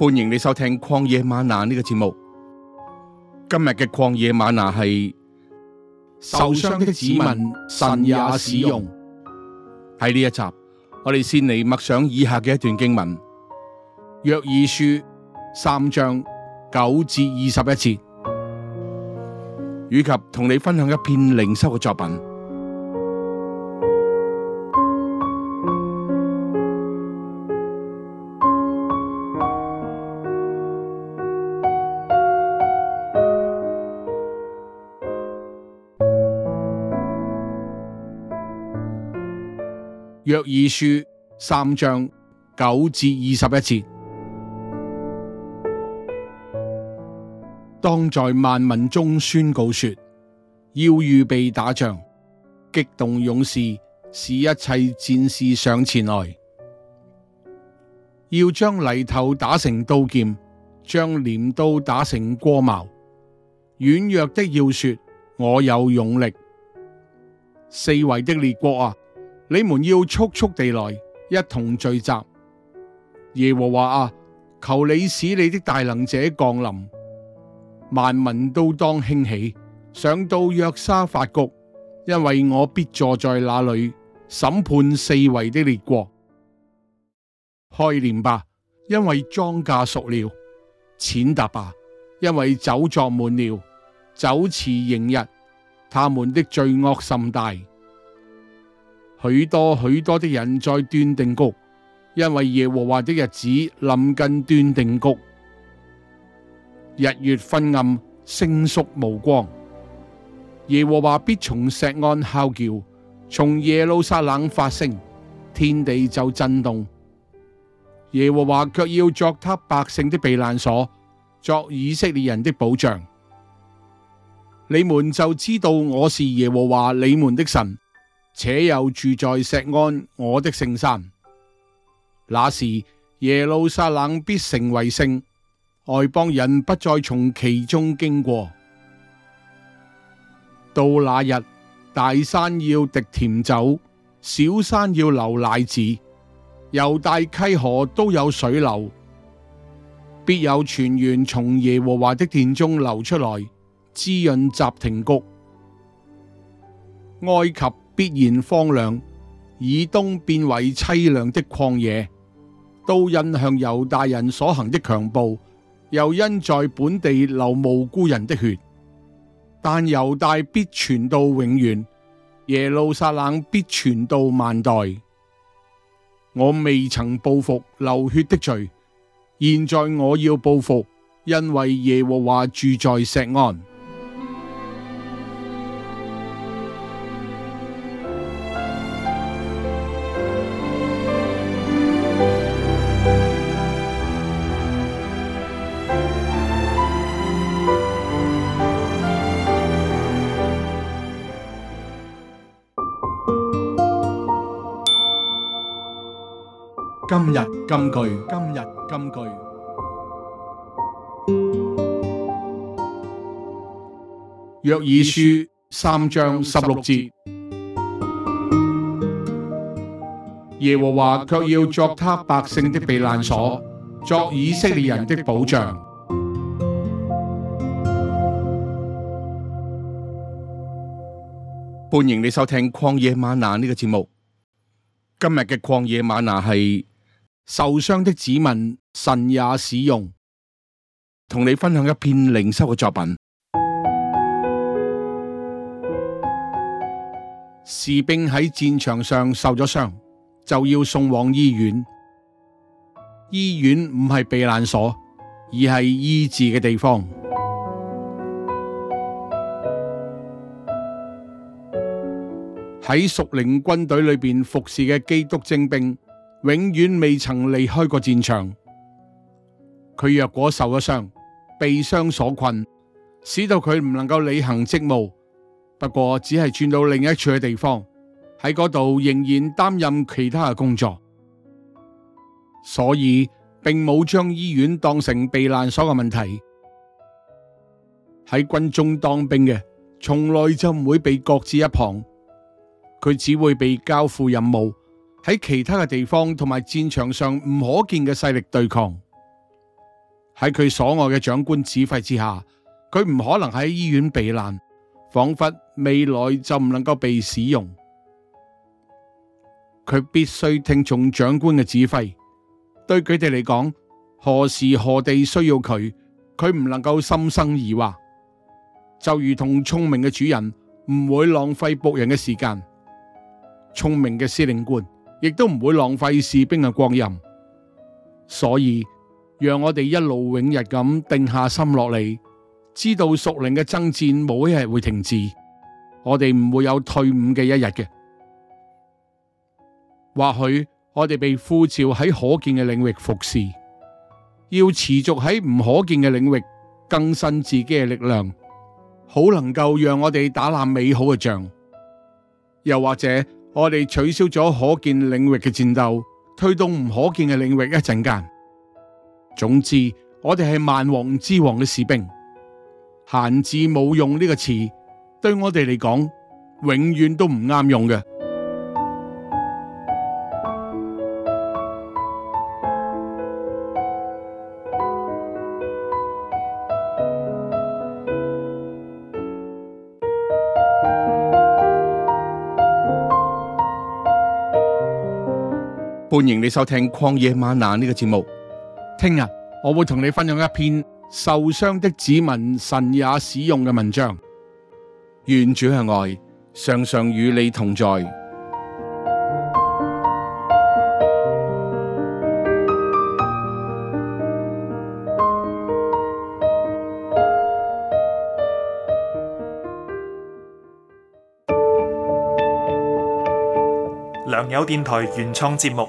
歡迎你收聽曠野嗎哪呢個節目。今日嘅曠野嗎哪係受傷嘅子民，神也使用。喺呢一集，我哋先嚟默想以下嘅一段經文：約珥書三章九至二十一節，以及同你分享一篇靈修嘅作品。約珥書三章九至二十一節，當在萬民中宣告說：要預備打仗，激動勇士，使一切戰士上前來，要將犁頭打成刀劍，將鐮刀打成戈矛。軟弱的要說：我有勇力。四圍的列國啊！你們要速速地來，一同聚集。耶和華啊，求你使你的大能者降臨，萬民都當興起，上到約沙法谷，因為我必坐在那裏審判四圍的列國。開鐮吧，因為莊稼熟了；踐踏吧，因為酒醡滿了。酒池盈溢，他們的罪惡甚大。許多許多的人在斷定谷，因為耶和華的日子臨近斷定谷。日月昏暗，星宿無光。耶和華必從錫安吼叫，從耶路撒冷發聲，天地就震動。耶和華卻要作他百姓的避難所，作以色列人的保障。你們就知道我是耶和華你們的神。且又住在錫安，我的聖山。那時耶路撒冷必成為聖，外邦人不再從其中經過。到那日，大山要滴甜酒，小山要流奶子，猶大溪河都有水流，必有泉源從耶和華的殿中流出來，滋潤什亭谷，埃及，必然荒涼，以東變為凄涼的曠野。都因向猶大人所行的強暴，又因在本地流無辜人的血。但猶大必傳到永遠，耶路撒冷必傳到萬代。我未曾報復流血的罪，現在我要報復，因為耶和華住在錫安。今日金句，今日金句。約珥書三章十六節，耶和華却要作他百姓的避難所，作以色列人的保障。歡迎你收聽曠野嗎哪呢個節目。今日嘅曠野嗎哪係。受傷的子民，神也使用。同你分享一篇靈修嘅作品。士兵喺戰場上受咗傷，就要送往醫院。醫院唔係避難所，而係醫治嘅地方。喺屬靈軍隊裏邊服侍嘅基督精兵，永遠未曾離開過戰場。佢若果受咗傷，被傷所困，使到佢唔能夠履行職務，不過只係轉到另一處嘅地方，喺嗰度仍然擔任其他嘅工作。所以並冇將醫院當成避難所嘅問題。喺軍中當兵嘅，從來就唔會被擱置一旁，佢只會被交付任務。喺其他嘅地方同埋戰場上唔可見嘅勢力對抗，喺佢所愛嘅長官指揮之下，佢唔可能喺醫院避難，仿佛未來就唔能夠被使用。佢必須聽從長官嘅指揮，對佢哋嚟講，何時何地需要佢，佢唔能夠心生疑惑。就如同聰明嘅主人唔會浪費僕人嘅時間，聰明嘅司令官。亦都唔會浪費士兵嘅光陰，所以讓我哋一路永逸咁定下心落嚟，知道屬靈嘅爭戰冇一日會停止，我哋唔會有退伍嘅一日嘅。或許我哋被呼召喺可見嘅領域服侍，要持續喺唔可見嘅領域更新自己嘅力量，好能夠讓我哋打爛美好嘅仗，又或者。我哋取消咗可見領域嘅戰鬥，推動唔可見嘅領域一陣間。總之，我哋係萬王之王嘅士兵。閒置冇用呢個詞，對我哋嚟講，永遠都唔啱用嘅。歡迎你收聽曠野嗎哪呢個節目。聽日我會同你分享一篇受傷的子民神也使用嘅文章，願主嘅愛常常與你同在。良友電台原創節目。